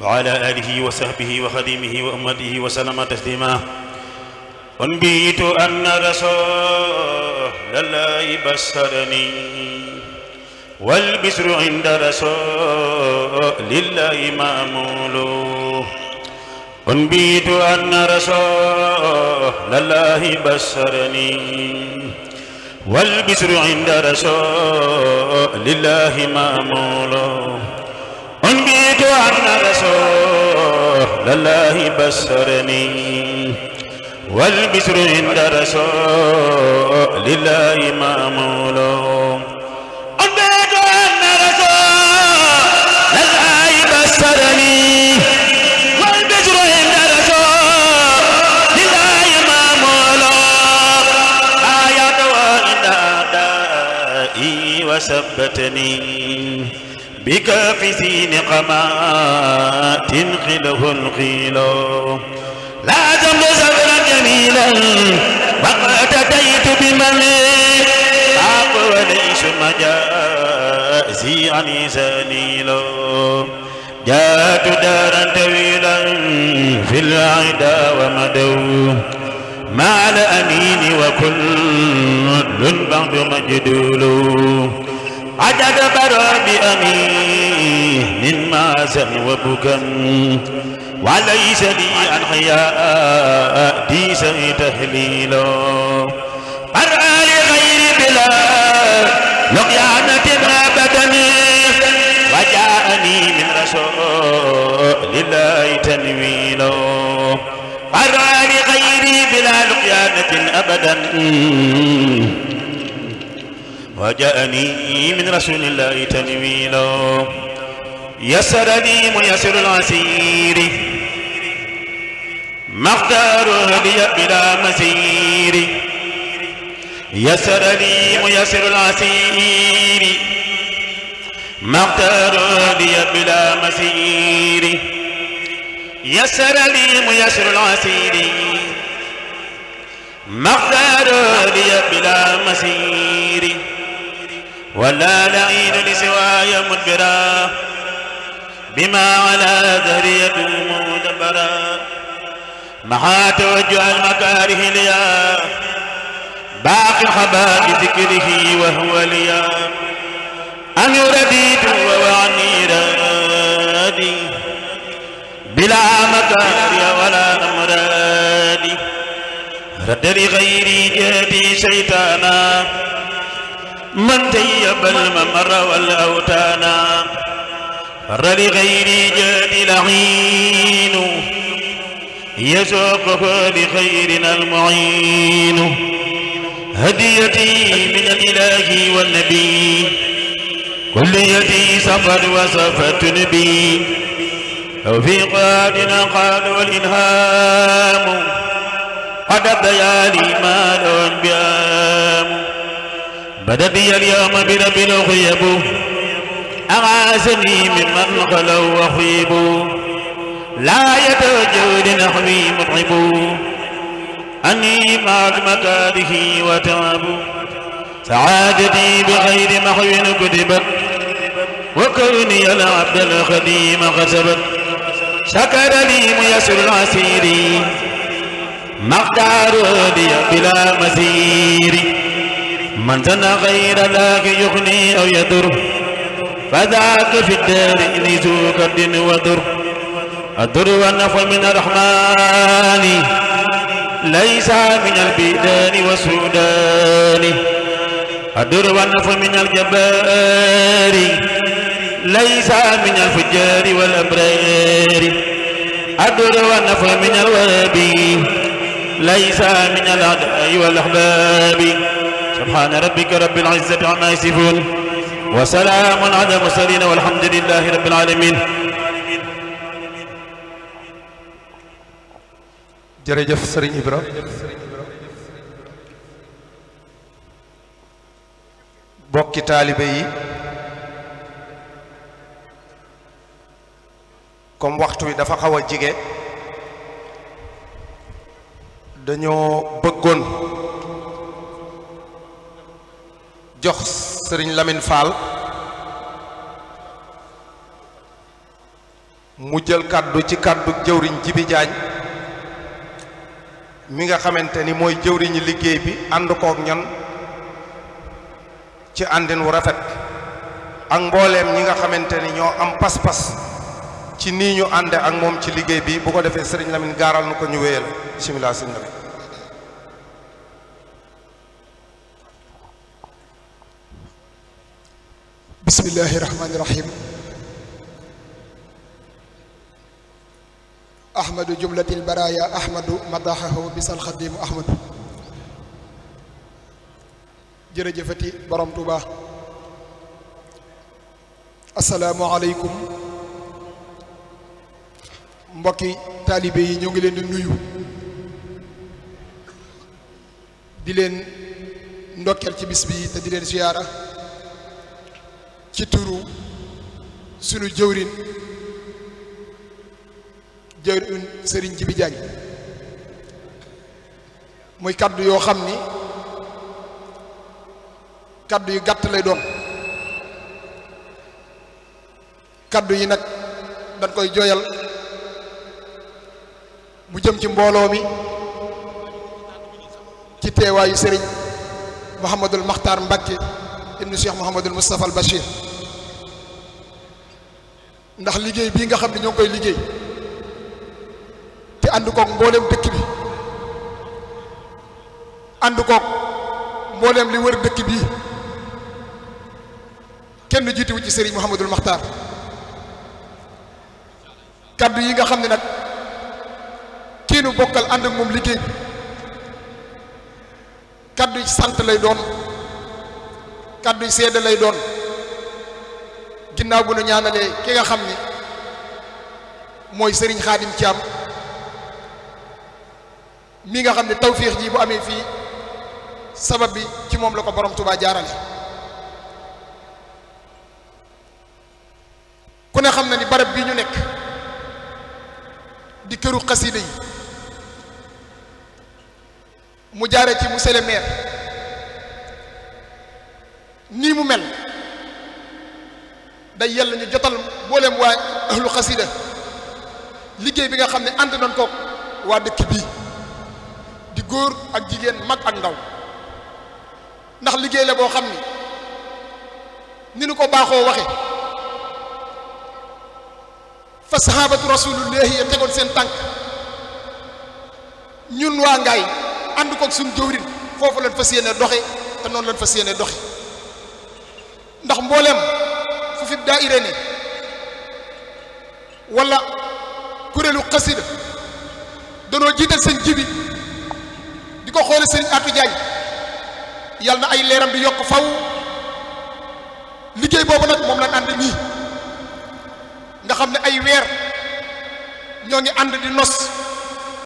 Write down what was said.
wa ala alihi wa sahbihi wa xadimihi wa ummatihi wa sallama taslima wanbiitu anna rasulallahi basharani wal bisru inda rasulillahi maamulu wanbiitu anna rasulallahi basharani wal bisru inda rasulillahi maamulu أبيت أن رسول الله بشرني والبشر عند رسول الله مأمول أبيت أن رسول الله بشرني والبشر عند رسول الله مأمول آيات وإن أعدائي وثبتني بكافسي نقمات قله القيل لا جمد زبرا جميلا واقتديت بمن عاق وليش مجازي عن زنيل جاءت دارا طويلا في العدا ومدو مع الأمين وكل بعد مجدول عدد برام أمين من ماسا وبكا وليس لي عن حياء ديس تهليلا مرأى لغير بلا لقيانة أبدا وجاءني من رسول الله تنويلا مرأى لغير بلا لقيانة أبدا وجاءني من رسول الله تنويلا يسر لي ميسر العسير مقدار هدي بلا مسير يسر لي ميسر العسير مقدار هدي بلا مسير يسر لي ميسر العسير مقدار هدي بلا مسير ولا لعين لسواي مدبرا بما على ذرية مدبرا محا توجه المكاره ليا باقي حباب ذكره وهو ليا أن يرديت وعني رادي بلا مكاره ولا أمرادي رد لغيري جهدي شيطانا من تيب الممر والأوتانا فر لغير جاد لعين يسوقه بخيرنا المعين هديتي من الإله والنبي كل يدي سفر وسفت نبي أو في قادنا قال والإلهام قد بيالي مال بأ بدا بي اليوم برب الغيب أغاثني ممن خلوا وخيب لا يتوجه لنحوي مطعب أني مع مكاره وتعب سعادتي بغير محو كتبت وكوني العبد الخديم غسبت شكر لي ميسر العسير مقدار لي بلا مزير من تنى غير ذاك يغني أو يضر فذاك في الدار إن ذو كرد وضر الضر والنفع من الرحمن ليس من البيدان والسودان الضر والنفع من الجبار ليس من الفجار والأبرار الضر والنفع من الوابي ليس من الأدعي والأحباب subhaana rabbika rabbil izzati ammaa yasifuun wa comme waxtu wi dafa xaw a jige dañoo bëggoon jox sëriñ Lamine Fall mu jël kàddu ci kàddu jëwriñ Jibi Jaañ mi nga xamante ni mooy jëwriñu liggéey bi ànd kook ñan ci àndin wu rafet ak mbooleem ñi nga xamante ni ñoo am pas-pas ci nii ñu àndee ak moom ci liggéey bi bu ko defee sëriñ lamin gaaral na ko ñu wéyal bismillah bismillahi rahmaani rahim ahmadu jumlatil baraya ahmadu madaxahu bisal xadimu ahmadu jërëjëfati borom Tuuba asalaamualeykum mbokki taalibe yi ñoo ngi leen di nuyu di leen ndokkeel ci bis bi te di leen siyaara ci turu sunu jëwrin jëwrin Serigne Jibi Jaañ muy kaddu yoo xam ni kàddu yu gàtt lay doon kàddu yi nag dañ koy jooyal mu jëm ci mbooloo mi ci teewaayu sëriñ Mouhamadul Makhtar Mbacke ibnu Cheikh Mouhamadul Moustapha al Bachir ndax liggéey bii nga xam ne ñoo koy liggéey te ànd koog mbooleem dëkk bi ànd koog mbooleem li wër dëkk bii kenn jiituwu ci sëriñ Mouhamadul Makhtar kaddu yi nga xam ne nag kii nu bokkal ànd ak moom liggéey bi kaddu yi sant lay doon kaddu yi seede lay doon ginnaaw bu nu ñaanalee ki nga xam ni mooy sëriñ xaadim am mii nga xam ne tawféex ji bu amee fii sabab bi ci moom la ko borom Touba jaarale ku ne xam na ni barab bii ñu nekk di këru xasida yi mu jaare ci monsieur le maire nii mu mel day yell ñu jotal mbooleem waaye ahlu xasida liggéey bi nga xam ne ànd nañ ko waa dëkk bii di góor ak jigéen mag ak ndaw ndax liggéey la boo xam ni ni nu ko baaxoo waxe fa sahabatu rasulullahi ya tegoon seen tànk ñun waa ngaay ànd koog suñ jëwrin foofu lañ fas yéene doxe te noonu lañ fas yéene doxe ndax mbooleem fi daaira ni wala kuréelu xasida danoo jiital seen jibi di ko xoole sëriñ Atou yal na ay leeram di yokk faw liggéey boobu nag moom lañ ànd nii nga xam ne ay weer ñoo ngi ànd di nos